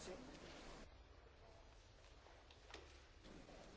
Grazie.